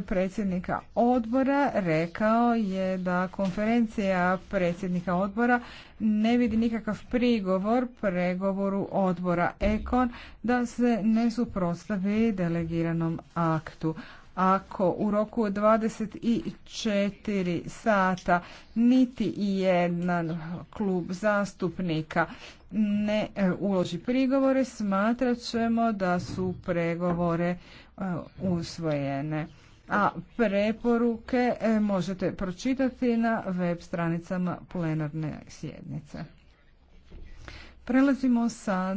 predsjednika odbora rekao je da konferencija predsjednika odbora ne vidi nikakav prigovor pregovoru odbora Ekon da se ne suprotstavi delegiranom aktu. Ako u roku 24 sata niti jedan klub zastupnika ne e, uloži prigovore, smatrat ćemo da su pregovore e, usvojene a preporuke e, možete pročitati na web stranicama plenarne sjednice. Prelazimo sad